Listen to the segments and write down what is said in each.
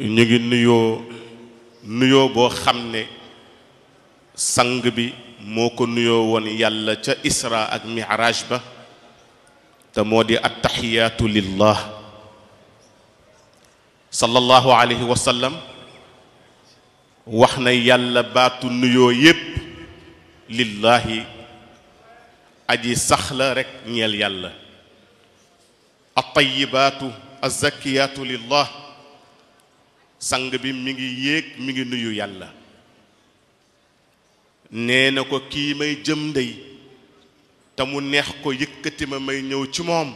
ñu ngi nuyoo nuyoo boo xam ne sang bi moo ko nuyoo yàlla ca isra ak miraaj ba te moo di attaxiyaatu lillah sallallahu alayhi wa sallam wax yàlla batu nuyo yépp lillahi aji sax rek ñeel yàlla attayibaatu azzakiyaatu lillah sang bi mi ngi yéeg mi ngi nuyu yàlla nee na ko kii may jëm ndey te mu neex ko yëkkati ma may ñëw ci moom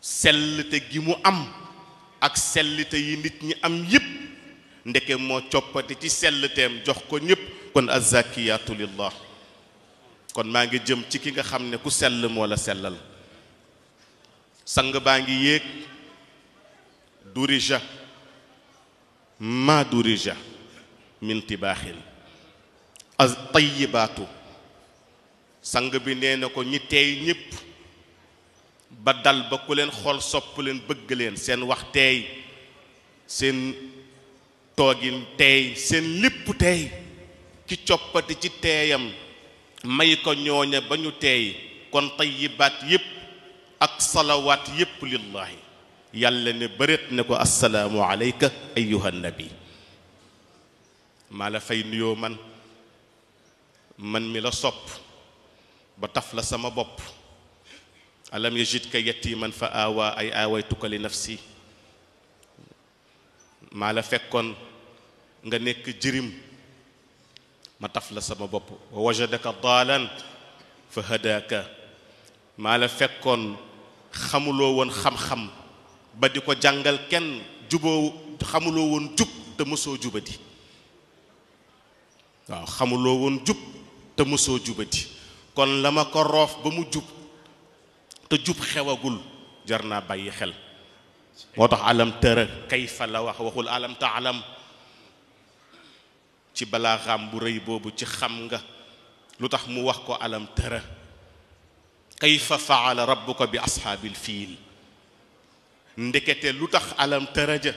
sellte gi mu am ak sellte yi nit ñi am yépp ndeke moo coppati ci sellteem jox ko ñépp kon azzakiyaatu lillah kon maa ngi jëm ci ki nga xam ne ku sell moo la sellal sang baa ngi yéeg durija ma durija min tibaaxin as tayyibaatu sang bi nee na ko ñi teey ñépp ba dal ba ku leen xool sopp leen bëgg leen seen wax teey seen toogin teey seen lépp teey ki coppati ci teeyam may ko ñooña ba ñu teey kon tayyibaat yépp ak salawat yep lillah yàlla ne beret ne ko assalamu alayka ayyuha nabi mala fay nuyo man man mi la sop ba taf la sama bop alam yajidka yatiman fa awa ay ka li nafsi mala fekkon nga nek jirim ma taf la sama bop wajadaka dalan fa hadaka mala fekkon xamuloo woon xam-xam ba di ko jàngal kenn juboo xamuloo woon jub te mosoo jubadi waaw xamuloo woon jub te mosoo jubadi kon la ma ko roof ba mu jub te jub xewagul jar naa bàyyi xel moo tax alam tëra kayfa la wax waxul alam alam ci balaaxam bu réy boobu ci xam nga lu tax mu wax ko alam tëra kayfa faala rabbuka bi ashaabil fiil ndekete lu tax alam tëraja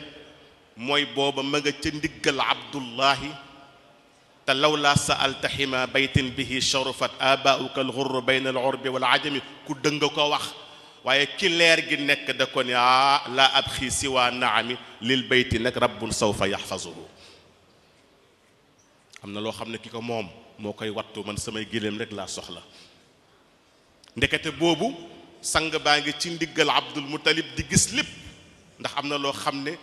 mooy booba ma nga ca ndiggal abdullahi te lawlaa saalta xima baytin bihi sharufat abaauka alxurru bayna alxurbi wal ajami ku dëng ko wax waaye ki leer gi nekk da ko ne ah laa abxi siwa naami lil bayti nag rabbun sawfa yaxfasuhu am na loo xam ne ki ko moom moo koy wattu man samay géléem rek laa soxla ndekete bobu sang baangi ci ndigal abdul mutalib di gis lépp ndax amna lo xamne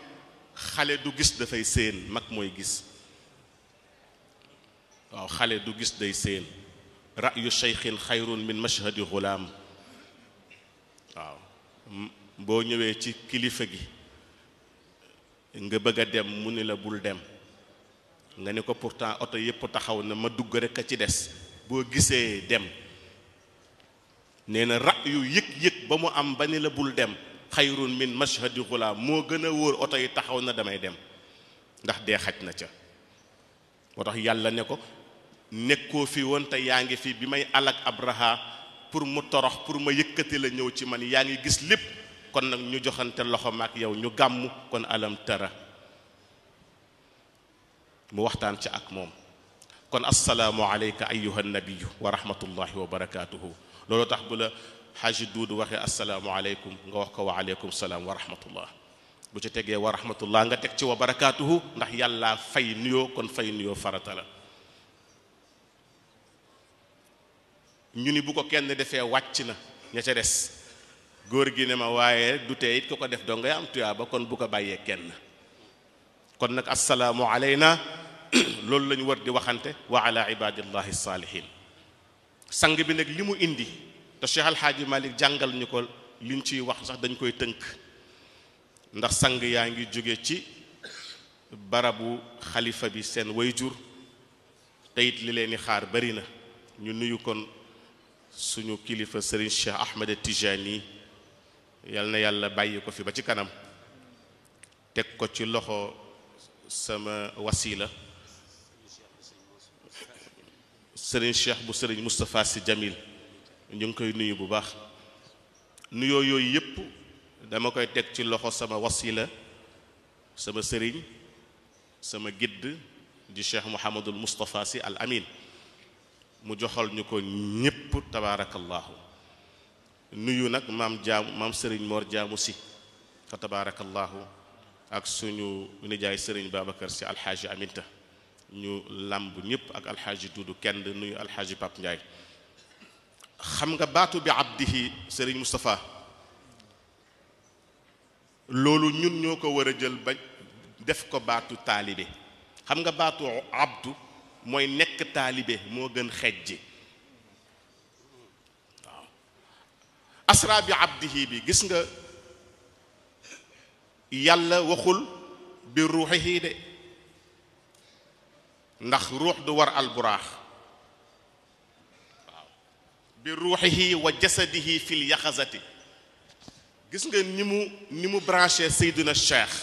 xale du gis da fay séen mak moy gis waaw xale du gis day séen ra'yu cheikhin xayrun min mashhadi ghulam waaw bo ñewé ci kilifa gi nga bëgg dem mu ne la bul dem nga ne ko pourtant auto yépp taxaw na ma dugg rek ka ci dess bo gisé dem nee na ra yu yëg-yëg ba mu am ba ni la bul dem xayrun min mashhadi xulaam moo gën a wóor oto yi taxaw na damay dem ndax dee xaj na ca moo yàlla ne ko nekkoo fi woon yaa ngi fi bi may alak abraha pour mu torox pour ma yëkkati la ñëw ci man yaa ngi gis lépp kon nag ñu joxante loxo maak yow ñu gàmm kon alam tara mu waxtaan ci ak moom kon asalaamu aleyka ayuha nabiyu wa rahmatullahi wa barakatuhu loolu tax bu la xaaji duudu waxee asalaamualeykum nga wax ko wa aleykum salaam wa rahmatullah bu ci tegee wa rahmatullah nga tek ci wa barakatuhu ndax yàlla fay nuyo kon fay nuyo farata la ñu ni bu ko kenn defé wàcc na ña ca dess góor gi ne ma waye du tey it ko ko def do nga am tuyaa ba kon bu ko baye kenn kon nak assalamu alayna loolu lañu ñu war di waxante wa ala ibadillahi salihin sang bi nag li mu indi te Cheikh Al Hadj jàngal ñu ko liñ ciy wax sax dañ koy tënk ndax sang yaa ngi jóge ci barabu xalifa bi seen way jur it li leen di xaar bari na ñu nuyu kon suñu kilifa Serigne Cheikh Ahmed Tijani yal na yàlla bàyyi ko fi ba ci kanam teg ko ci loxo sama wasila. sëriñ cheikh bu sëriñ Moustapha Sy Jamil ñu ngi koy nuyu bu baax nuyoo yooyu yépp dama koy teg ci loxo sama wasila sama sëriñ sama gidd di cheikh Mouhamadul Moustapha Sy Al Amin mu joxal ñu ko ñépp tabaarakallahu nuyu nag maam jaamu maam sëriñ Mor jaamu si fa tabaarakallahu ak suñu nijaay sëriñ Babacar si alxaaji Aminta ñu làmb ñëpp ak alxaaji dudu kenn nuyu alxaaji pap njaay xam nga batu bi abdihi serigne mustafa lolu ñun ñoko ko jël ba def ko batu talibé xam nga batu abdu moy nek talibé mo gën xejji asra bi abdihi bi gis nga yàlla waxul bi ruuxihi de ndax ruh du war al burah bi ruhihi wa jasadihi fil yakhazati gis nga nimu nimu brancher mu cheikh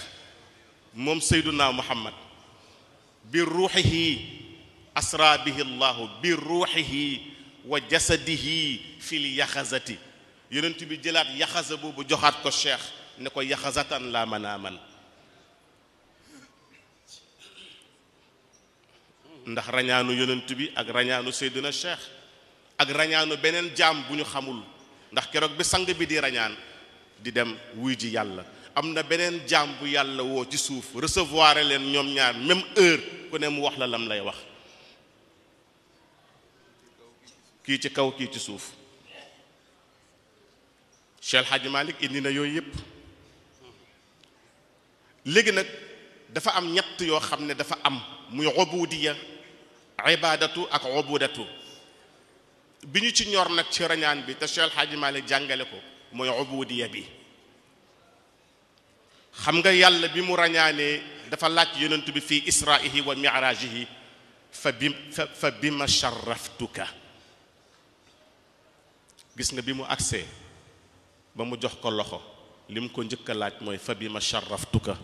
mom sayyiduna muhammad bi ruhihi asra bihi allah bi ruhihi wa jasadihi fil yakhazati yonent bi jëlaat yaxasa boobu joxaat ko cheikh ne ko yaxasatan laa manaaman ndax rañaanu yonent bi ak rañaanu Seydina Cheikh ak rañaanu beneen jaam bu ñu xamul ndax keroog bi sang bi di rañaan di dem wuy ji yàlla am na beneen jaam bu yàlla woo ci suuf recevoir leen ñoom ñaar même heure ku ne mu wax la lam lay wax kii ci kaw kii ci suuf Cheikh Hadji Malick indi na yooyu yëpp léegi nag dafa am ñett yoo xam ne dafa am muy ubudiyya ibadatu ak ubudatu biñu ci ñor nak ci rañaan bi ta Cheikh Hadji malik jàngale ko mooy ubudiyya bi xam nga yàlla bi mu rañaane dafa lacc yonent bi fi israihi wa mirajihi fa bi fa bima sharaftuka gis nga bi mu accé ba mu jox ko loxo lim ko njëkk a laaj fa sharaftuka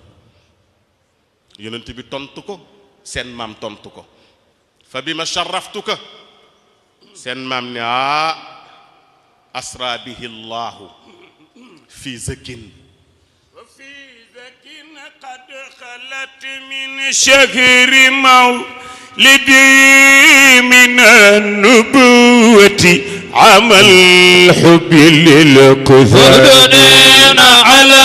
yonent bi tontu ko seen maam tontu ko fa bi ma sharraftuka seen maam ne aa asra bihi llahu fi zakin fi zakin qad xalat min shahri mawlidi min annubuwati عمى الحب للكثار على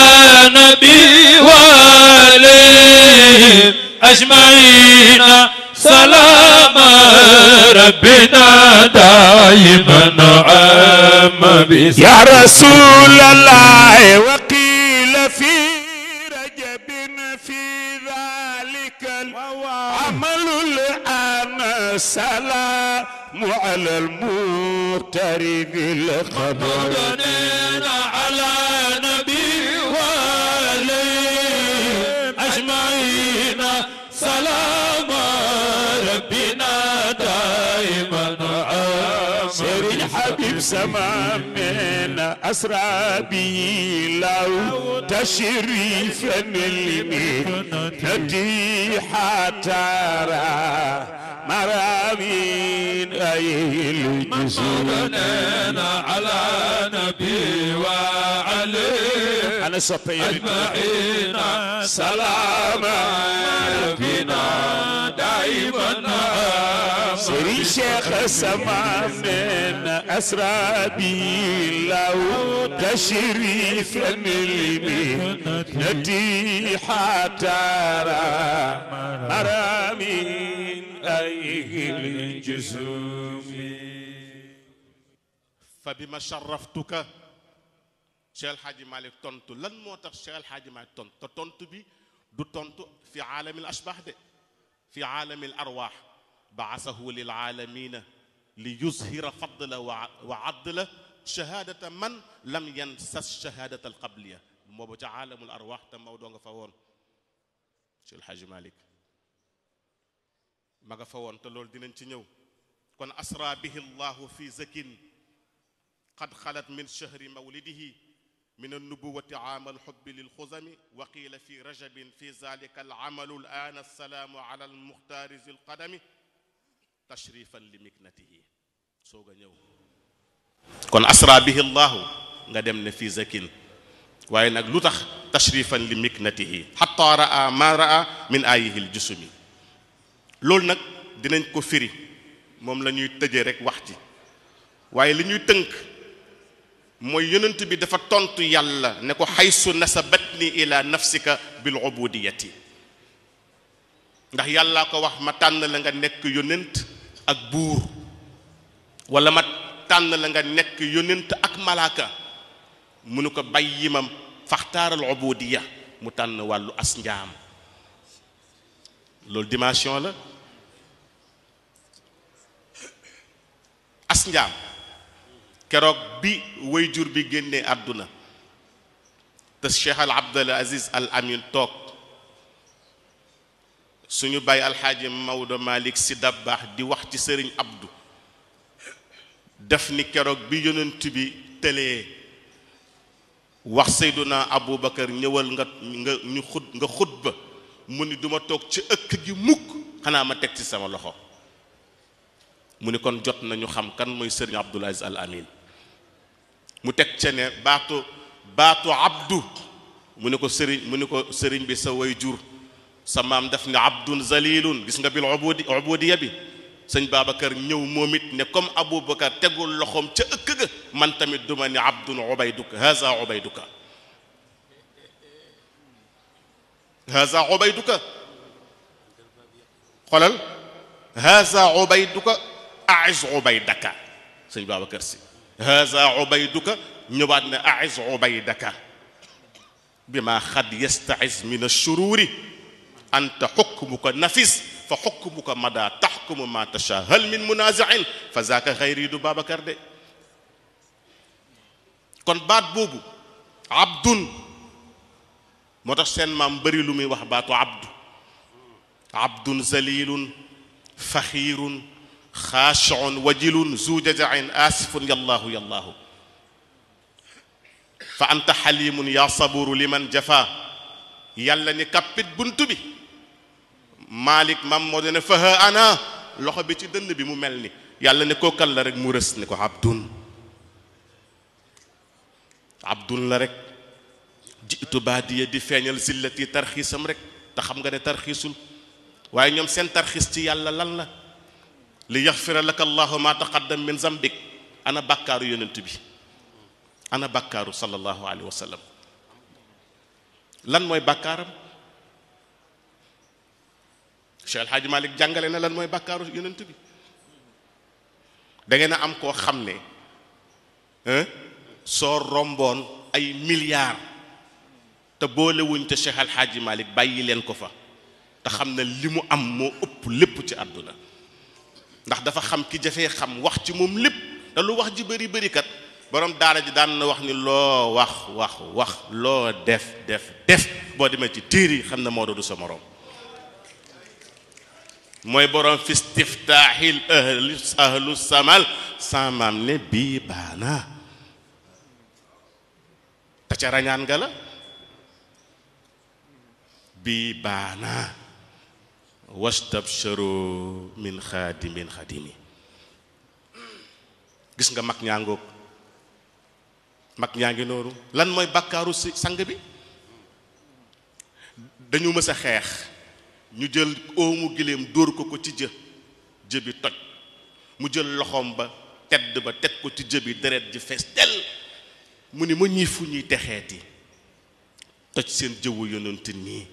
نبي وآله أجمعين سلام ربنا دائما عام يا رسول الله وقيل في رجب في ذلك العمل الآن سلام على المغترب الخبر زمان من أسرى بي لو تشريفا لمكنتي حتى راه مرامين أي الجسور على نبي وعلى انا اجمعين سلاما فينا دائما سري شيخ السماء من اسرابي لو تشريفا لمهنتي حتى ايه فبما شرفتك Cheikh El Hadji Malick tontu lan moo tax Cheikh El Hadji Malick tontu te tontu bi du tontu fi aalamil ashbah de fi aalamil arwaax baasahu lil aalamina li yuzhira fadla wa adla shahadata man lam yansas shahadata al qabliya boobu ca aalamul arwaax te Maodo nga fa woon Cheikh El Hadji Malick ma nga fa woon te loolu dinañ ci ñëw kon asra bihi llahu fi zakin qad xalat min shahri mawlidihi من النبوة عام الحب للخزم وقيل في رجب في ذلك العمل الآن السلام على المختار ذي القدم تشريفا لمكنته سوغا نيو كون أسرى به الله ندم في زكين وين لتخ تشريفا لمكنته حتى رأى ما رأى من آيه الجسم لول نك دينن كو فيري موم لا نيو تجي رك واخ واي لي نيو تنك moy yonent bi dafa tontu yàlla ne ko haysu nasabatni ila nafsika bil ubudiyati ndax yalla ko wax ma tan la nga nek yonent ak buur wala ma tan la nga nek yonent ak malaka munuko bayyimam ko al ubudiyya mu tan walu as lol dimension la as keroog bi wayjur bi génnee àdduna te cheikh al abdul aziz al amin toog suñu bàyyi alxaaji Maodo Malick si dabbaax di wax ci sëriñ abdu def ni keroog bi yonent bi tëlee wax seyduna aboubacar ñëwal nga nga ñu xut nga xutba mu ni duma toog ci ëkk gi mukk xanaa ma teg ci sama loxo mu ni kon jot nañu xam kan mooy sëriñ abdul al amin mu tek ci ne batu batu abdu mu ne ko serign mu ne ko serign bi sa way jur sa mam daf ne abdun zalilun gis nga bil ubudi ubudiya bi serign babakar ñëw momit ne comme Aboubacar tegul loxom ci ëkk ga man tamit duma ne abdun ubayduk haza ubayduk haza ubayduk xolal haza ubayduk aiz ubaydaka serign babakar si هذا عبيدك نبعدنا أعز عبيدك بما قد يستعز من الشرور أنت حكمك نفس فحكمك مدى تحكم ما تشاء هل من منازع فذاك غير يد بابا كردي kon baat بوبو عبد moo tax seen maam bëri lu muy wax baatu abdu خاشع وجل ذو جزع آسف يا الله يا الله فأنت حليم يا صبور لمن جفا يلا نكبت بنتبي مالك محمد فها أنا لخ بيتي دل بي مملني يلا نكوكل لرك مورس نكو عبدون عبدون لرك جئت بادي دي فينيل زلتي ترخيصم رك تخمغن ترخيصل واي نيوم سين ترخيص تي يلا لان لا, لا. li yaxfira laka allahu ma taqaddam min zambik ana bàkkaaru yonent bi ana bàkkaaru sallallahu alayhi wa sallam lan mooy bàkkaaram Cheikh El Hadj Malick jàngale na lan mooy bàkkaaru yonent bi da ngeen a am koo xam ne soo romboon ay milliards te boolewuñ te Cheikh El Hadj Malick bàyyi leen ko fa te xam ne li mu am moo ëpp lépp ci àdduna ndax dafa xam ki jafé xam wax ci mom lepp da lu wax ji bari bari kat borom daara ji daan na wax ni lo wax wax wax lo def def def bo demé ci tiir yi xam ne moo du sa morom borom fi istiftahil ahli ahlu samal samam ne bi bana ta ca rañan nga la wastabsharu min xaadimin xaadimi gis nga mag ñaa ngoog mag ñaa ngi noonu lan mooy bàkkaaru si sang bi dañu mës a xeex ñu jël óomu giléem dóor ko ko ci jë jë bi toj mu jël loxoom ba tedd ba teg ko ci jë bi deret ji fees dell mu ni ma ñii fu ñuy texeeti toj seen jëwu yonent nii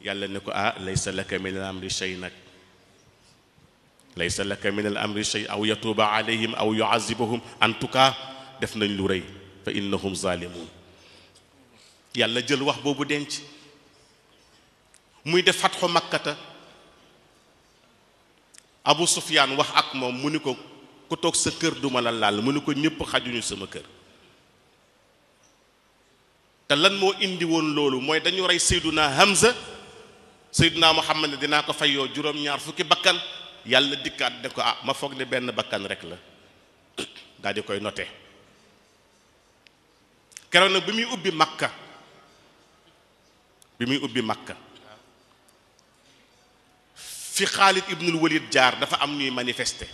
يالا نكو آه ليس لك من الامر شيء نك ليس لك من الامر شيء او يتوب عليهم او يعذبهم انتكا دف نن لو ري فانهم ظالمون يالا جيل واخ بوبو دنج موي دف فتح مكه ابو سفيان واخ اك موم مونيكو كو توك سا كير دوما لا لال مونيكو نيب خاجو ني سما كير تا لان مو اندي وون لولو موي دانيو راي سيدنا حمزه Seydina Muhammad ne dinaa ko fay yoo juróom-ñaar fukki bakkan yàlla dikkaat ne ko ah ma foog ne benn bakkan rek la daal di koy noté keroog nag bi muy ubbi makka bi muy ubbi makka fi Xaalid ibnul Walid jaar dafa am ñuy manifester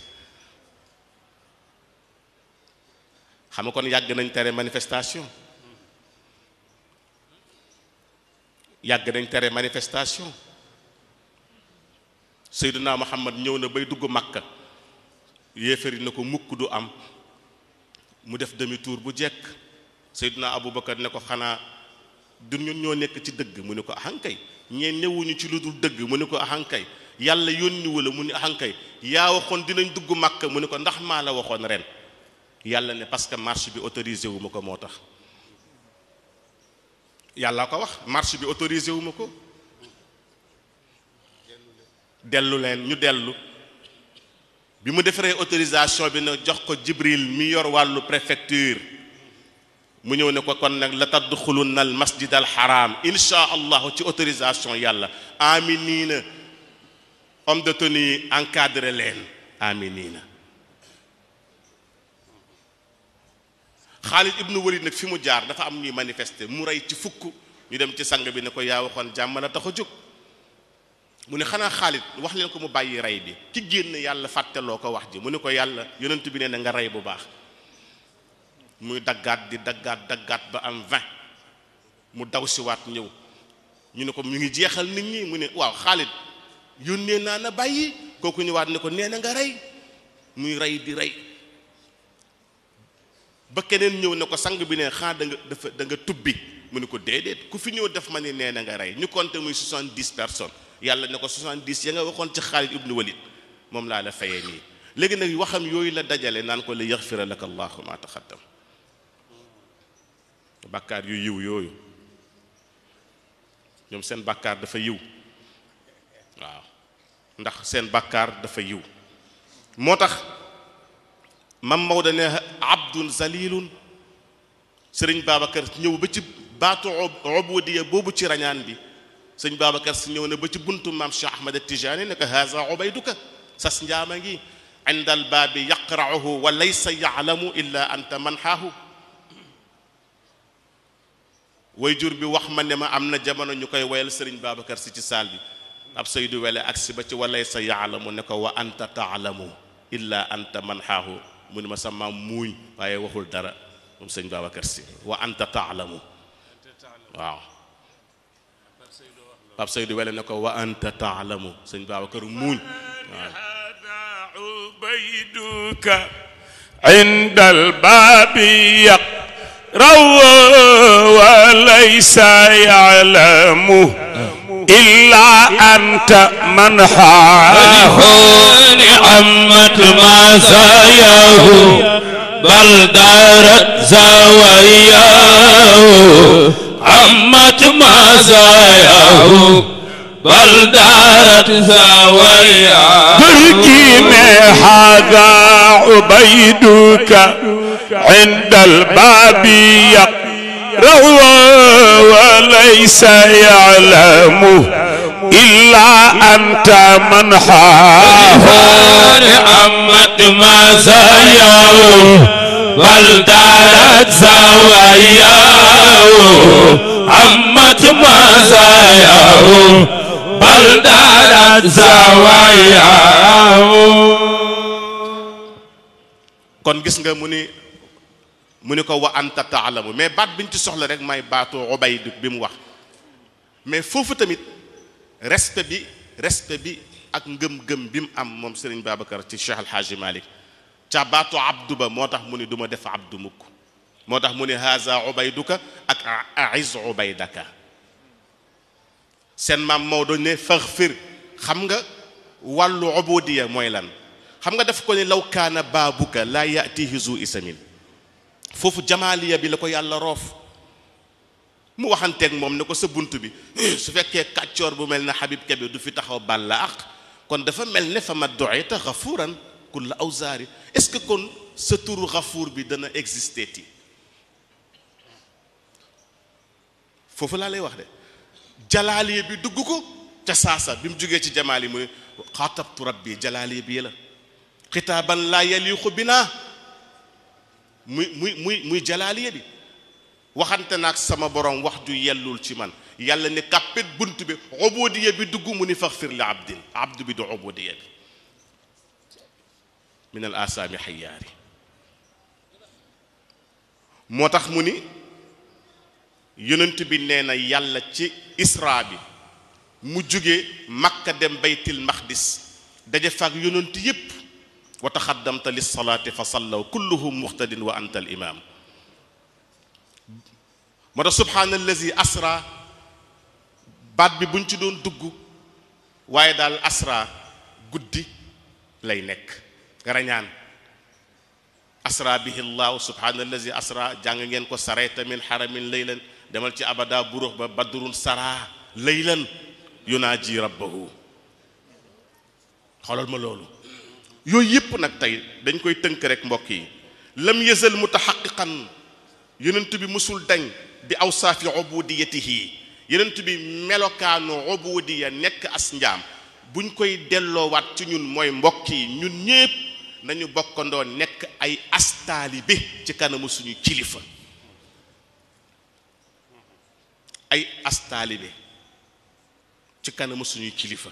xam nga kon yàgg nañ tere manifestation yàgg nañ tere manifestation seyduna muhammad ñew na bay dugg makka yéefari na ko mukk du am mu def demi tour bu jekk seyduna abubakar ne ko xanaa du ñun ñoo nekk ci dëgg mu ne ko ahankay ñeen newuñu ci lu dul dëgg mu ne ko ahankay yàlla yónni wala mu ne ahankay yaa waxoon dinañ dugg makka mu ne ko ndax maa la waxoon ren yàlla ne parce que marche bi autorisé wu ma ko moo tax yàlla ko wax marche bi autorisé wu ma ko Nous len ñu dellu bi mu autorisation bi na jox ko Jibril mi yor préfecture mu ne ko la masjid al haram insha Allah, ci autorisation aminina homme de tenue encadrer aminina khalid ibn Walid nak fi mu jaar dafa am manifester mu la mu ne xanaa Xaalid wax leen ko mu bàyyi rey bi ki génn yàlla fàtteloo ko wax ji mu ne ko yàlla yonent bi nee na nga rey bu baax muy daggaat di daggaat daggaat ba am vingt mu daw siwaat ñëw ñu ne ko mu ngi jeexal nit ñi mu ne waaw Xaalid yónnee naa na bàyyi kooku ñëwaat ne ko nee na nga rey muy rey di rey ba keneen ñëw ne ko sang bi ne xaa da dafa da nga tubbi mu ne ko déedéet ku fi ñëw def ma ne nee na nga rey ñu compté muy soixante-dix personnes yàlla ne ko 70 ya nga waxon ci khalid ibn Walid mom la la fayé ni légui nak waxam yoy la dajale nan ko li yaxfira lak allah ma taqaddam bakkar yu yiw yoy ñom sen bakkar dafa yiw waaw ndax sen bakkar dafa yiw motax mam Maodo ne abdun zalilun serigne babakar ñëw ba ci batu ubudiyya bobu ci rañan bi سيني بابا كاس نيو نبت بنت مام شيخ احمد التجاني نك هذا عبيدك ساس نجامغي عند الباب يقرعه وليس يعلم الا انت منحاه ويجور بي واخ من ما امنا جامانو نيكاي ويل سيرن بابا كار سي سال بي اب سيدو ويل اكسي با تي وليس يعلم نك وانت تعلم الا انت منحاه من باب سيد ولا نكو وانت تعلم سن با وكر مول هذا عبيدك عند الباب يق روى وليس يعلم إلا أنت من حاله نعمة ما زاياه بل دارت زواياه عمت مزاياه بلدارت زاويا تركي من هذا عبيدك عند الباب يقرأ وليس يعلمه إلا أنت من حافظ عمت مزاياه والدارت زواياه عمت مزاياه بل دارت زواياه kon gis nga mu ni mu ni ko wa anta taalamu mais baat biñ ci soxla rek may baatu ubayd bi mu wax mais foofu tamit respect bi respect bi ak ngëm-ngëm bi mu am moom Serigne Babacar ci Cheikh Al Hadji Malick ca baatu abdu ba moo tax mu ni def abdu mukk moo tax haza ubayduka ak aiz ubaydaka seen maam Maodo ne faxfir xam nga wàllu ubudiya mooy lan xam nga def ko ni law kaana baabuka laa yatihi zu isamin foofu jamaaliya bi la yàlla roof mu waxanteeg moom ne ko sa bunt bi su fekkee kàccoor bu mel Habib Kebe du fi taxaw bàlla ak kon dafa mel fa ma doxee كل أوزار إسك كون ستور غفور بي دانا إكزيستيتي فوفلا لي واخ دي جلالي بي دوغوكو تا ساسا بيم جوغي تي جمالي مي خاطبت ربي جلالي بي لا خطابا لا يليق بنا مي مي مي جلالي بي waxantenaak sama borom wax ju yellul ci man yàlla ne kàppet bunt bi obodiya bi dugg mu ni fax firli abdin abd bi du من الآثام حياري موتاخ موني يونت بي نينا يالا تي اسراء بي مو جوغي مكه دم بيت المقدس دجي فاك يونت ييب وتقدمت للصلاه فصلوا كلهم مقتد وانت الامام مر سبحان الذي اسرا بات بي بونتي دون دغ واي دال اسرى غودي لاي نيك nga rañaan asra bihi llahu subhana allazi asra jàng ngeen ko sarayta min haramin laylan demal ci abada burux ba badrun sara laylan yunaaji rabbahu xoolal ma loolu yooyu yëpp nag tey dañ koy tënk rek mbokk yi lam yazal mutaxaqiqan yonent bi mësul dañ bi awsaafi ubudiyatihi yonent bi melokaanu ubudiya nekk as njaam buñ koy delloowaat ci ñun mooy mbokk yi ñun ñépp nañu bokkandoo nekk ay bi ci kanamu suñu kilifa ay bi ci kanamu suñu kilifa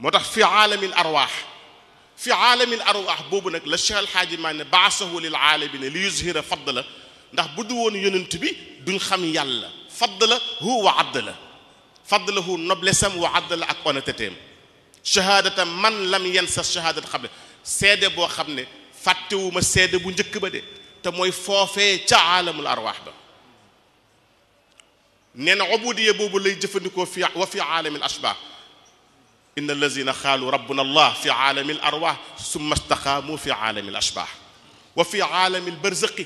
moo tax fi aalamil arwaax fi aalamil arwaax boobu nag la cheikh alxaaji maa ne baasahu lil aalamina li yuzhira fadla ndax bu du woon yonent bi duñ xam yàlla fadla hu wa adla fadla noblesam wa adla ak onatetem am shahadata man lam yansa shahadat xable sédé bo xamné faté wu ma sédé bu ñëkk ba dé té moy fofé ci alamul arwah ba نن عبودية بوب اللي جفنكو في وفي عالم الأشباح إن الذين خالوا ربنا الله في عالم الأرواح ثم استقاموا في عالم الأشباح وفي عالم البرزق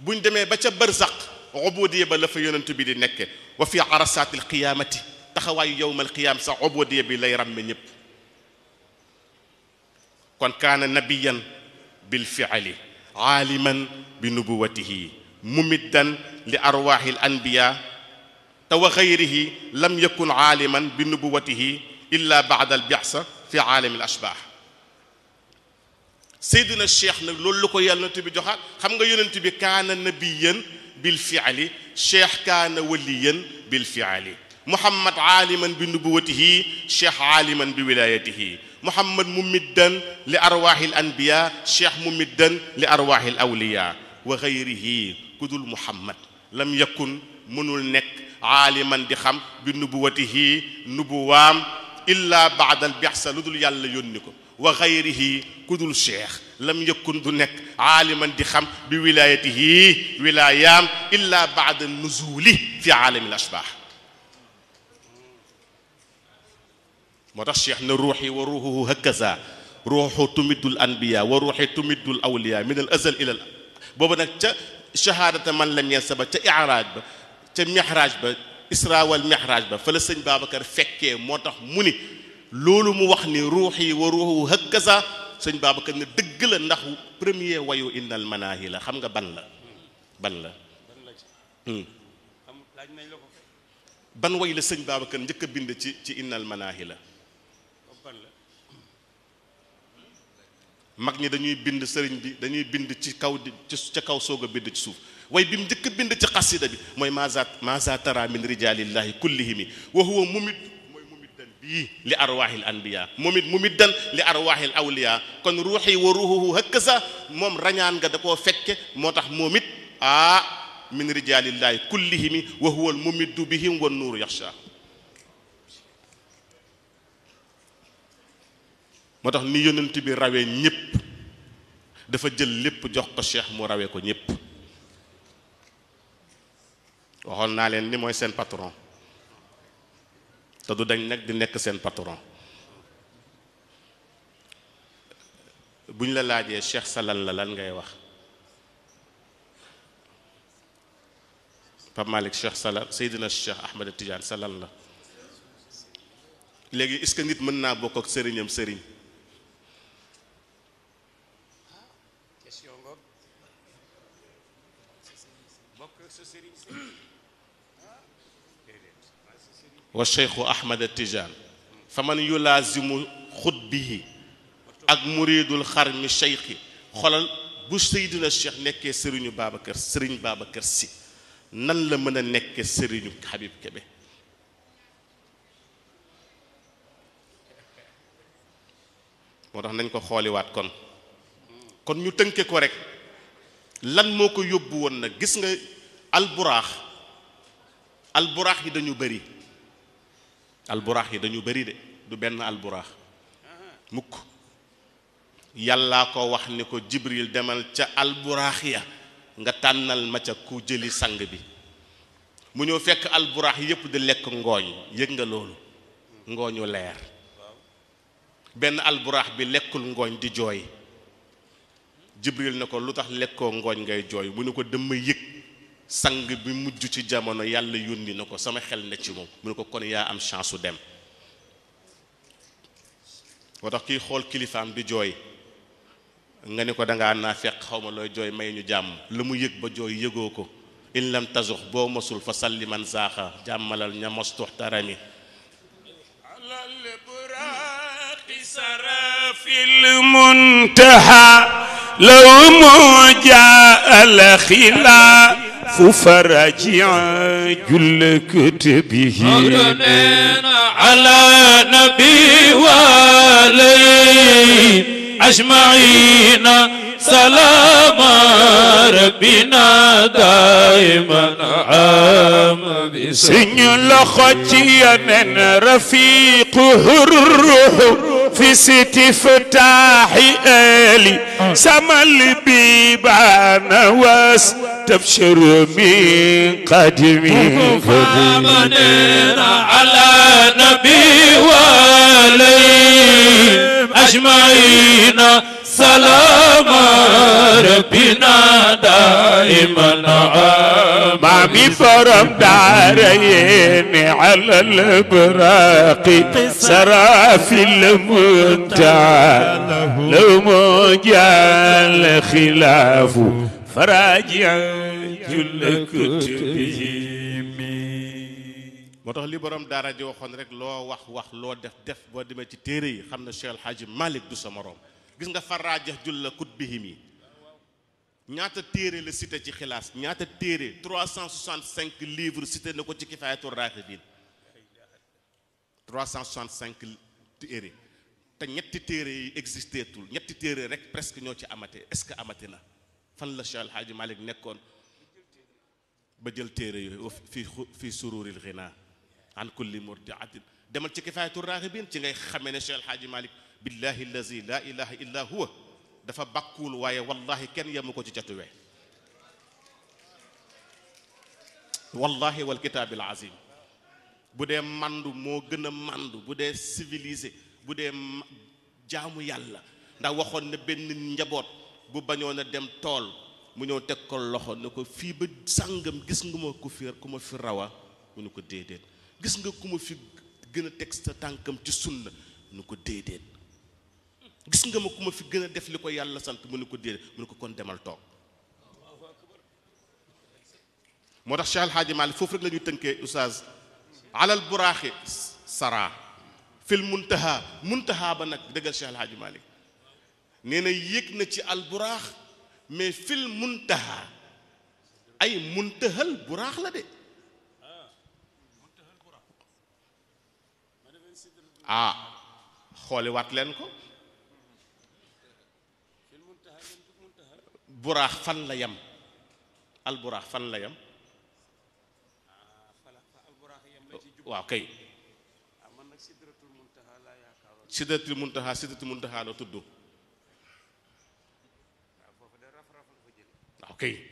بون دمي باتا برزق عبودية بلا في يونتو وفي عرسات القيامة تخوى يوم القيامة عبودية بلا يرم من يبت. كون كان نبيا بالفعل عالما بنبوته ممدا لارواح الانبياء تو غيره لم يكن عالما بنبوته الا بعد البعثه في عالم الاشباح سيدنا الشيخ نك لول لوكو يال نتي بي جوخات خمغا يونتي بي كان نبيا بالفعل شيخ كان وليا بالفعل محمد عالما بنبوته شيخ عالما بولايته محمد ممدا لأرواح الأنبياء شيخ ممدا لأرواح الأولياء وغيره كذل محمد لم يكن من النك عالما دخم بنبوته نبوام إلا بعد البحث لدل يال ينكو وغيره كذل شيخ لم يكن دونك عالما دخم بولايته ولايام إلا بعد النزول في عالم الأشباح moo tax cheikh na ruuxi wa ruuxuhu hëkkaza ruuxu tumiddul anbiya wa ruuxi tumiddul awliya min al azal ilal booba nag ca shahaadata man lam yensaba ca iraaj ba ca mihraaj ba isra wal mihraaj ba fa la sëñ Babacar fekkee moo tax mu ni loolu mu wax ni ruuxi wa ruuxuhu hëkkaza sëñ Babacar ne dëgg la ndax premier wayu innal manaahi la xam nga ban la ban la ban way la sëñ Babacar njëkk a bind ci ci innal manaahi la mag ñi dañuy bind sëriñ bi dañuy bind ci kaw ci ca kaw soog a bind ci suuf way bi mu njëkk bind ci xasida bi mooy mazat mazatara min rijalillahi kullihimi wa huwa mumit mooy dan bii li arwaahil anbiya mumit dan li arwaahil awliya kon ruuxi wa ruuhuhu hëkkasa moom rañaan nga da koo fekke moo tax moom ah min rijalillahi kullihimi wa huwa al mumiddu bihim wa nuuru yaxsha motax ni yonent bi rawé ñëpp dafa jël lépp jox ko cheikh mu rawé ko ñëpp waxon na len ni moy sen patron ta du dañ nak di nek sen patron buñ la laajé cheikh salal la lan ngay wax pap malik cheikh salal sayyidina cheikh Ahmed Tidiane salal la légui est ce que nit mën naa bokk ak sëriñam serigne wa cheikhu ahmad atijaan fa man yulaazimu bi ak muridul xarmi cheikhi xolal bu seydina cheikh nekkee sëriñu babacar sëriñ babacar si nan la mën a nekke sëriñu xabib kebe moo tax nañ ko xooliwaat kon kon ñu tënke ko rek lan moo ko yóbbu woon nag gis nga alburaax alburaax yi dañu bari alburaax yi dañu bëri de du benn alburaax mukk yàllaa ko wax ni ko jibril demal ca alburaax ya nga tànnal ma ca ku jëli sang bi mu ñëw fekk alburaax yépp di lekk ngooñ yëg nga loolu ngooñu leer benn alburaax bi lekkul ngooñ di jooy jibril ne ko lu tax lekkoo ngooñ ngay jooy mu ne ko dëmm yëg sang bi mujju ci jamono yàlla yónni nako sama xel ne ci mom muniko kon ya am chance dem moo ki xol xool kilifaam di joy nga ni ko dangaa naa fekk xawma loy joy may ñu jam lu mu yëg ba joy yego ko in lam tazukh bo masul fa salli man zaaxa jàmmalal ña لو ما الخلاف فرج جل على نبي ولي أجمعين سلام ربنا دائما عام سن لخطي من رفيق الروح في ست فتاحي آلي سما البيبان تبشر من قدمي فامننا على نبي ولي أجمعين سلام ربنا دائما ما فرم داري على البراق سرى في المنتهى لو ما جاء الخلاف فراجع جل كتبه motax li borom dara di waxon rek lo wax wax lo def def bo demé ci téré yi xamna Cheikh El malik du sa morom gis nga faraaja jul la kut bihim ñaata téré le cité ci khilas ñaata téré 365 livres cité nako ci kifayatul raahidin 365 تيري تا نيتي تيري اكزيستي رك امتي فان لا شال حاج مالك نيكون با جيل تيري في في سرور الغنى عن كل مرضعة دمال تي كفايه الراغبين تي غاي خامي شال حاج مالك بالله الذي لا اله الا هو دا فا باكول واي والله كان يمكو تي جاتو والله والكتاب العظيم bu dee mandu moo gën a mandu bu dee civilisé bu dee jaamu yàlla ndax waxoon na benn njaboot bu bañoon a dem tool mu ñëw teg ko loxo ne ko fii ba sàngam gis nga ma ku fi ku ma fi rawa mu ne ko déedéet gis nga ku ma fi a teg sa tànkam ci sunna mu ko déedéet gis nga ma ku ma fi gën a def li ko yàlla sant mu ne ko déedéet mu ne ko kon demal toog moo tax Cheikh Alhaaji Malick foofu rek la tënkee oustaz على البراخ سرا في المنتهى منتهى بنك دغال شيخ الحاج مالك نينا يكنا تي البراخ مي في المنتهى اي منتهى البراخ لا دي اه خولي وات لين كو براخ فن لا يم البراخ فن لا يم واقعي سيدتي المنتهى سيدتي المنتهى لا تدو واقعي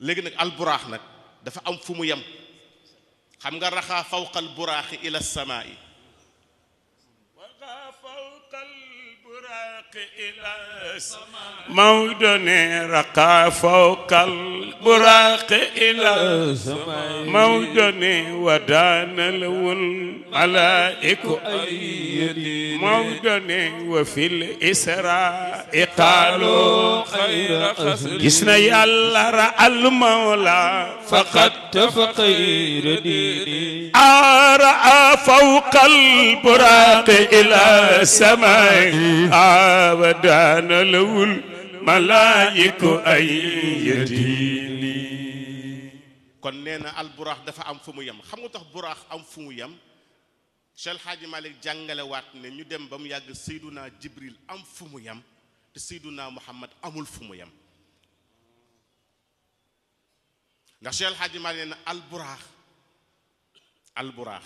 لكن البراخ نك دفع أم فمو يم خمغ رخا فوق البراخ إلى السماء الخلق إلى مودني رقى فوق البراق إلى مودني ودان الملائك أيدي مودني وفي الإسراء قالوا خير خصل جسنا الله رأى المولى فقد تفقير ديني أرأى فوق البراق إلى السماء ودان له الملائكة أن يديني kon nee na alburax dafa am fu mu yem xam nga tax burax am fu mu yem Cheikh Hadji Malick jàngalewaat ne ñu dem ba mu yàgg Seyduna Jibril am fu mu yem te Seyduna Muhammad amul fu mu yem ndax Cheikh Hadji Malick nee na alburax alburax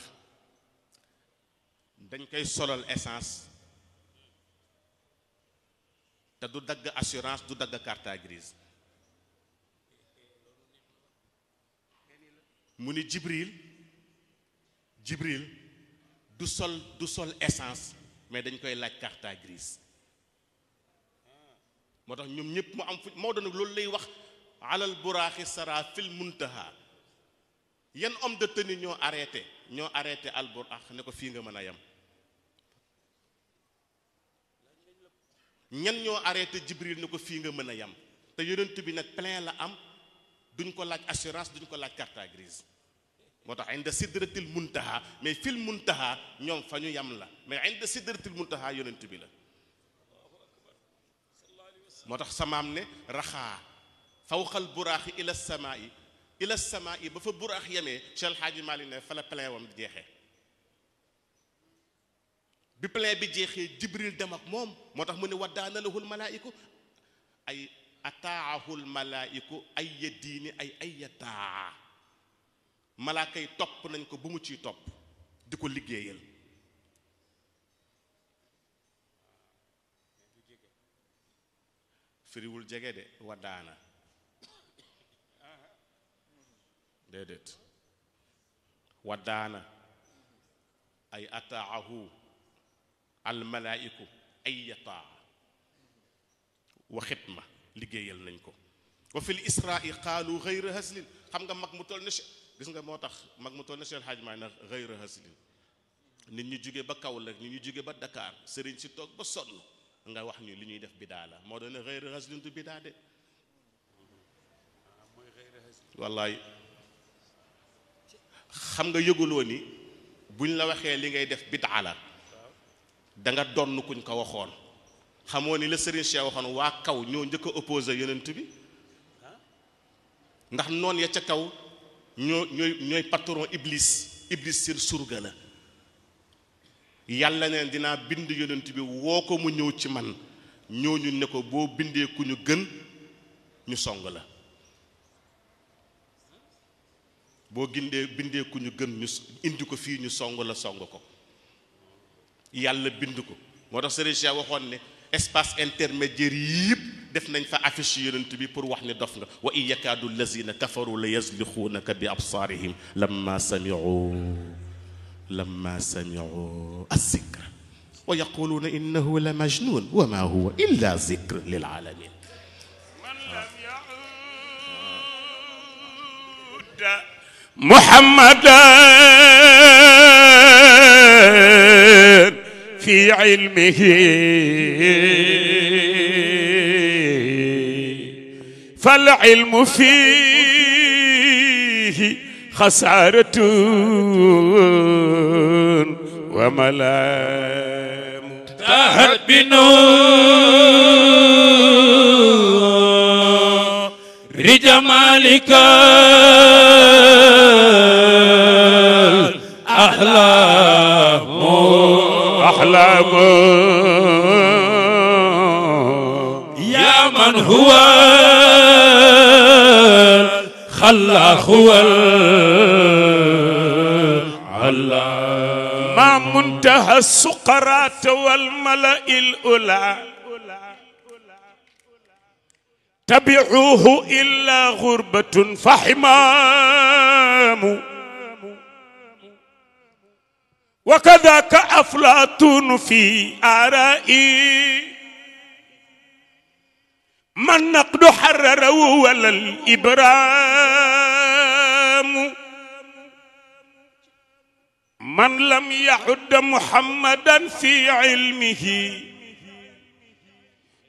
dañ koy solal essence te du dagg assurance du dagg carte grise mu ni jibril jibril du sol du sol essence mais dañ koy laaj carte grise moo tax ñoom ñëpp mu am fu moo doon loolu lay wax alal buraaxi sara fil muntaha yan homme de tenue ñoo arrêté ñoo arrêté al buraax ne ko fii nga mën a yem ñan ñoo arrêté jibril ni ko fii nga mën a yem te yonent bi nag plein la am duñ ko laaj assurance duñ ko laaj carte grise moo tax inda sidratil muntaha mais fil muntaha ñoom fa ñu yam la mais inda sidratil muntaha yonent bi la moo tax samaam ne raxa fawqal buraaxi ila samaa'i ila samaa'i ba fa buraax yemee Cheikh Alhaaji Mali ne fa la plein wam jeexee bi plein bi jeexee jibril dem ak moom moo tax mu ne waddaana lahul malaayiku ay ataahul malaayiku ay ya diini topp nañ ko bu mu ciy topp di ko liggéeyal firiwul jege de waddaana déedéet waddaana ay ataahu الملائكه اي طاعه وخدمه ليغيال نانكو وفي الاسراء قالوا غير هزل خم نغا ماك موتول نش غيس نغا موتاخ ماك موتول نش الحاج ماينا غير هزل نيت ني جوغي با كاول لك ني جوغي با دكار سيرين سي توك با سون نغا واخ ني لي ني ديف بيدا لا مودن غير هزل تو بيدا دي والله خم نغا يغول وني بون لا واخي لي غاي ديف بيدا danga nga donn kuñ ko waxoon xamoo ni la Serigne Cheikh waxoon waa kaw ñoo njëkk a opposé bi ndax noon ya ca kaw ñoo ñooy patron iblis iblis seen surga la yàlla ne dinaa bind yonent bi woo ko mu ñëw ci man ñu ne ko boo bindee ku ñu gën ñu song la boo gindee bindee ku ñu gën ñu indi ko fii ñu song la song ko yàlla bind ko moo tax Serigne Cheikh waxoon ne espace intermédiaire yëpp def nañ fa affiche yonent bi pour wax ne dof nga wa in yakaadu lazina kafaru la yaslixuunaka bi absarihim lamma samiu lamma samiu azzikra wa yaquluna innahu la majnun wa ma huwa illa zikr lil alamin محمدا في علمه فالعلم فيه خسارة وملام تحت بنور جمالك يا من هو خلى هو ما منتهى السقرات والملأ الأولى تبعوه إلا غربة فحمام وكذاك أفلاطون في آرائي من نقد حرره ولا الإبرام من لم يعد محمدا في علمه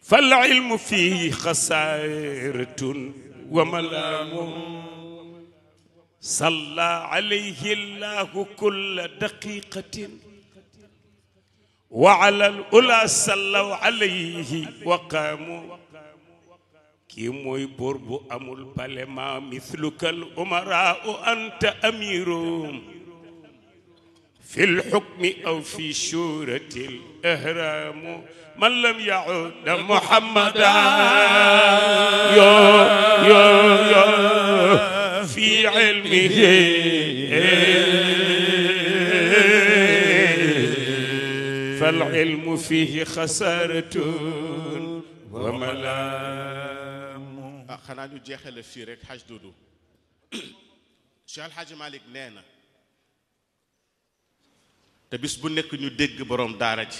فالعلم فيه خسائر وملام صلى عليه الله كل دقيقة وعلى الأولى صلوا عليه وقاموا كي موي بوربو أمو البالما مثلك الأمراء أنت أمير في الحكم أو في شورة الإهرام من لم يعد محمدا يو يو يو في علمه فالعلم فيه خسارة وملام خنا نيو جيخال في رك حاج دودو شي الحاج مالك نانا تا بيس بو نيك نيو ديغ بروم دارج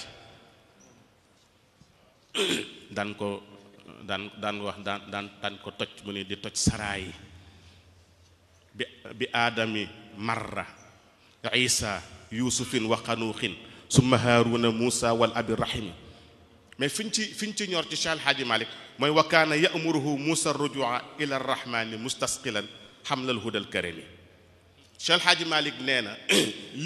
دان كو دان دان واخ دان دان دان كو توج موني دي توج سراي بآدم مرة عيسى يوسف وقنوخ ثم هارون موسى والأب الرحيم mais fiñ ci fiñ ci ñor ci Cheikh El Hadji Malick mooy wa kaana yamuruhu Moussa rujua ila arrahmani mustasqilan xamlal hudal karimi Cheikh El Hadji Malick nee na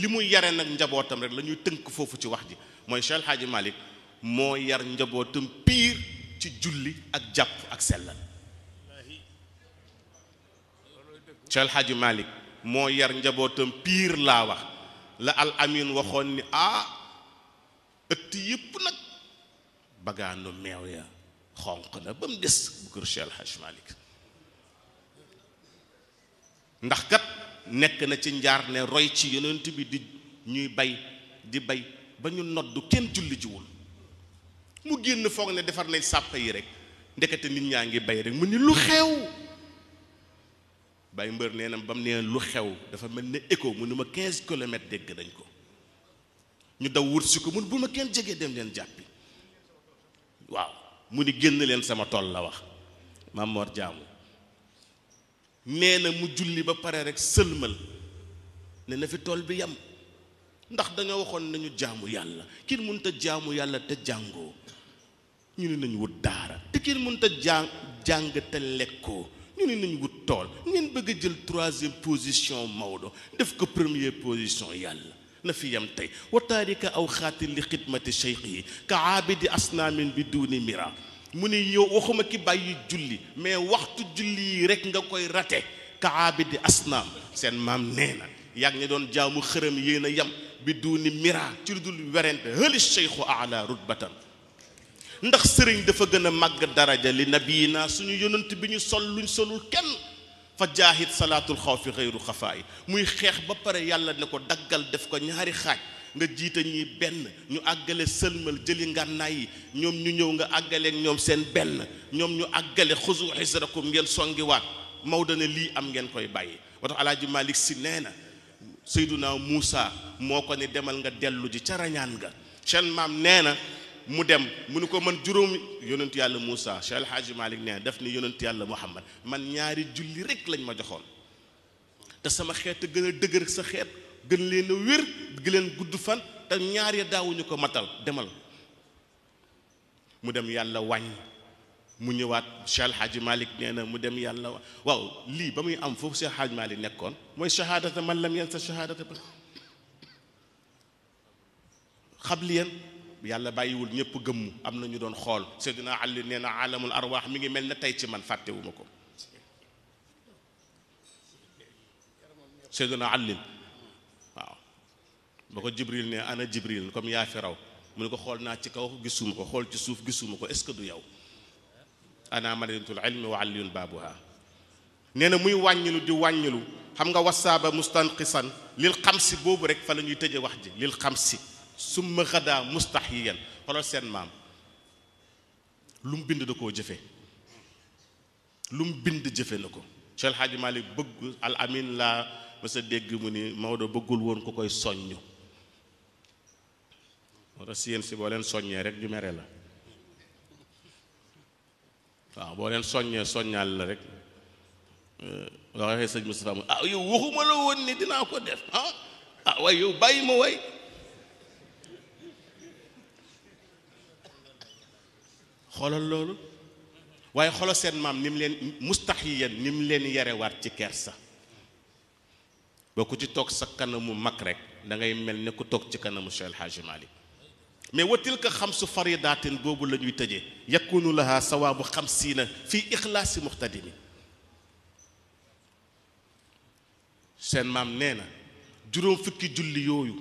li mu yare nag njabootam rek la ñuy tënk foofu ci wax ji mooy Cheikh El Hadji Malick moo yar njabootam piir ci julli ak jàpp ak sellal Cheikh El Hadji moo yar njabootam piir laa wax la al amin waxoon ni ah ëtt yépp nag bagaanu meew ya xonq na ba mu des bu kër Cheikh El ndax kat nekk na ci njaar ne roy ci yonent bi di ñuy bay di bay ba ñu noddu kenn julli jiwul mu génn foog ne defar nañ sàppa yi rek ndekete nit ñaa ngi bay rek mu ni lu xew bàyyi mbër nee na ba mu lu xew dafa mel ne écho mu ne ma 15 kilomètres dégg nañ ko ñu daw wut si ko mun bu ma kenn jegee dem leen jàppi waaw mu ni génn leen sama tool la wax maam Mor jaamu nee na mu julli ba pare rek sëlmal ne na fi tool bi yam ndax danga waxoon nañu jaamu yàlla kiin mënta jaamu yàlla te jàngoo ñu ne nañu wut daara te kiin mënta jàng jàng te lekkoo ñu ne nañ wut tool ngeen bëgg a jël troisième position Maodo def ko première position yàlla na fi yam tey wa taarika aw xaatil li xidmati cheikh yi ka aabidi asnaamin bi duuni mira mu ne yow waxuma ki bàyyi julli mais waxtu julli yi rek nga koy rate ka aabidi asnaam seen maam nee na yàgg ñi doon jaamu xërëm yéen a yam bi duuni mira ci lu dul werente hëli cheikhu ala rutbatan ndax serigne dafa gëna mag màgg daraja li nabiina suñu yonent bi ñu sol luñ solul kenn fa jaahid salaatul khawfi ghayru khafai muy xex ba pare yàlla ne ko daggal def ko ñaari xaj nga jita ñi ben ñu àggale sëlmal jëli ngànnaay ñom ñu ñëw nga ak ñom seen ben ñom ñu àggale khuzu hisrakum ngeen songiwaat Maodo ne li am ngeen koy bàyyi wa tax alaaji Malik si neena sayyiduna musa moko moo ne demal nga delu ci ca rañaan nga seen mam neena mu dem mu ni ko man juróomi yonent yàlla musa Cheikh El malik Malick nee daf ni yonent yàlla Muhammad man ñaari julli rek lañ ma joxoon te sama xeet gën a dëgër sa xeet gën leen a wér gën gudd fan te ñaar ya daawuñu ko matal demal mu dem yàlla wàññi mu ñëwaat Cheikh Alhaji Malick nee mu dem yàlla waaw lii ba muy am foofu Cheikh Alhaji Malick nekkoon mooy shahadata man lam yansa shahadata ba xabliyan yàlla bàyyiwul ñëpp gëmmu am na ñu doon xool Seydina Ali nee na alamul arwaax mi ngi mel na tey ci man fàttewuma ko Seydina Ali waaw ba ko Jibril ne ana Jibril comme yaa fi raw mu ne ko xool naa ci kaw gisuma ko xool ci suuf gisuma ko est-ce que du yow ana madinatul ilmi wa aliyun baabuha nee na muy wàññilu di wàññilu xam nga wasaaba mustanqisan lil xam si boobu rek fa la ñuy tëje wax ji lil xam si summa xadaa mustaxiyan xoolal seen maam lu mu bind da koo jëfe lu mu bind jëfe na ko Cheikh El Hadji Malick bëgg al amin laa dégg mu ni Maodo bëggul woon ku koy soññ moo tax si si boo leen soññee rek ju mere la waaw boo leen soññee soññaal la rek waxee ah, waxuma la woon ni dinaa ko def ah ah waaye yow bàyyi ma way xolal loolu waaye xolo seen maam ni mu leen mustaxiyan ni mu leen yarewaat ci kersa boo ku ci toog sa kanamu mag rek da ngay mel ne ku toog ci kanamu Cheikh El malik Malick mais wa tilka xamsu faridatin boobu la ñuy tëjee yakunu laha sawaabu xamsiina fi ixlaasi muxtadimi seen maam nee na juróom fukki julli yooyu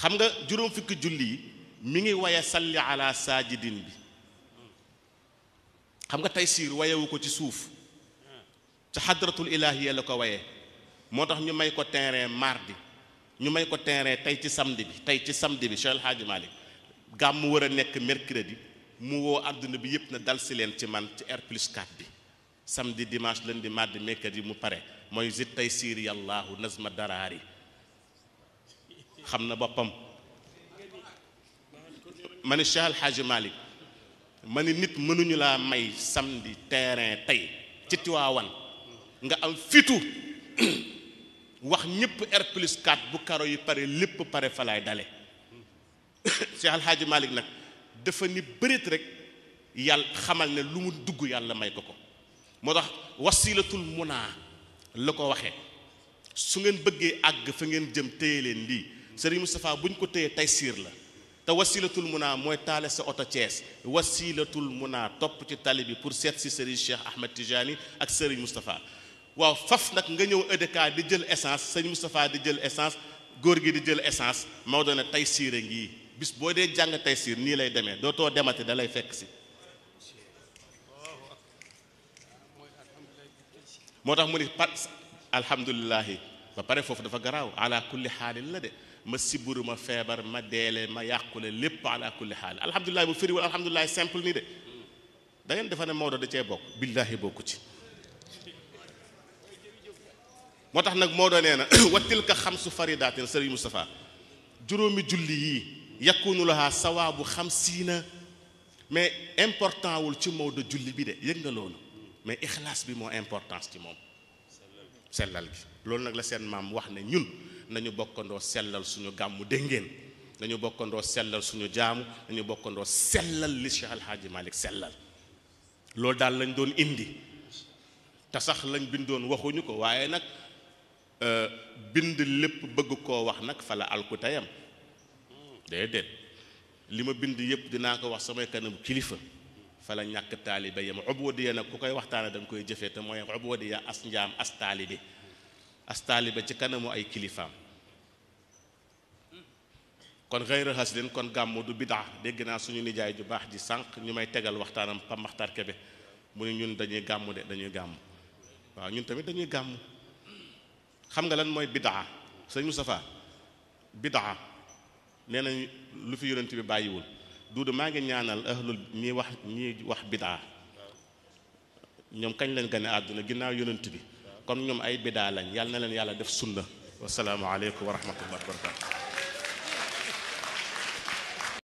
xam nga juróom fukki julli yi mi ngi waye salli ala sajidin bi xam nga taysiir wayewu ko ci suuf ci hadratul ilaahiya la ko waye motax ñu may ko terrain mardi ñu may ko terrain tay ci samedi bi tay ci samedi bi Cheikh Hadji malik gam wara nek mercredi mu wo aduna bi yep na dal ci len ci man ci R plus 4 bi samedi dimanche lundi mardi mercredi mu pare moy zit zid taysiir yallaahu nazma darari xamna bopam boppam Cheikh Hadji malik ma ni nit mënuñu laa may samedi terrain tey ci Tiwaawan nga am fitu wax ñëpp R plus 4 bu karo yi pare lépp pare fa laay dale Cheikh Al Hadji Malick nag dafa ni bërit rek yàlla xamal ne lu mu dugg yàlla may ko ko moo tax wasilatul munaa la ko waxee su ngeen bëggee àgg fa ngeen jëm teye leen lii Serigne Moustapha bu ñu ko téye tey siir la ta wasilatul muna moy talé sa auto Thiès wasilatul muna top ci talibi pour set ci Serigne Cheikh Ahmed Tijani ak Serigne mustapha waaw faf nak nga ñëw EDK di jël essence Serigne mustapha di jël essence gor gi di jël essence Maodo tay sire ngi bis bo dé jàng tay siir ni lay démé dootoo demati da lay fekk ci motax tax mu ne pat alhamdulilahi ba pare fofu dafa garaaw ala kulli xaalin la de. ma siburu ma febar ma dele ma yakule lépp ala kulli hal alhamdullilah bu firi wal alhamdullilah simple ni de da ngeen defane modo da ci bok billahi bokku ci motax nak modo neena watil ka khamsu faridatin xamsu mustafa juromi julli yi yakunu laha sawabu khamsina mais important wul ci modo julli bi de yeug nga lolu mais ikhlas bi mo importance ci mom selal gi lolu nak la sen mam wax ne ñun nañu bokkandoo sellal suñu gamu dégg ngeen nañu bokkandoo sellal suñu jaamu nañu bokkandoo sellal li Cheikh Alhaaji malik sellal loolu dal lañ doon indi ta sax lañ bindoon waxuñu ko waye nak euh bind lépp bëgg ko wax nak fala alku tayam déedéet li bind yépp dina ko wax samay kanam kilifa fala ñak taalibe yam ubudiyya nak ku koy waxtana dang koy jëfé te moy ubudiyya as ndiam as taalibe as talibe ci kanamu ay kilifam kon xëyra haslin kon gàmmu du bidaa dégg naa suñu nijaay ju baax ji sànq ñu may tegal waxtaanam Pam Maxtar Kebe mu ne ñun dañuy gàmmu de dañuy gàmmu waaw ñun tamit dañuy gàmmu xam nga lan mooy bidaa sëñ Moustapha bidaa nee nañ lu fi yonent bi bàyyiwul duudu maa ngi ñaanal ahlul ñi wax ñi wax bidaa ñoom kañ leen gane àdduna ginnaaw yonent bi comme ñoom ay bidaa lañ yàlla na leen yàlla def sunna wasalaamu aleykum wa rahmatullahi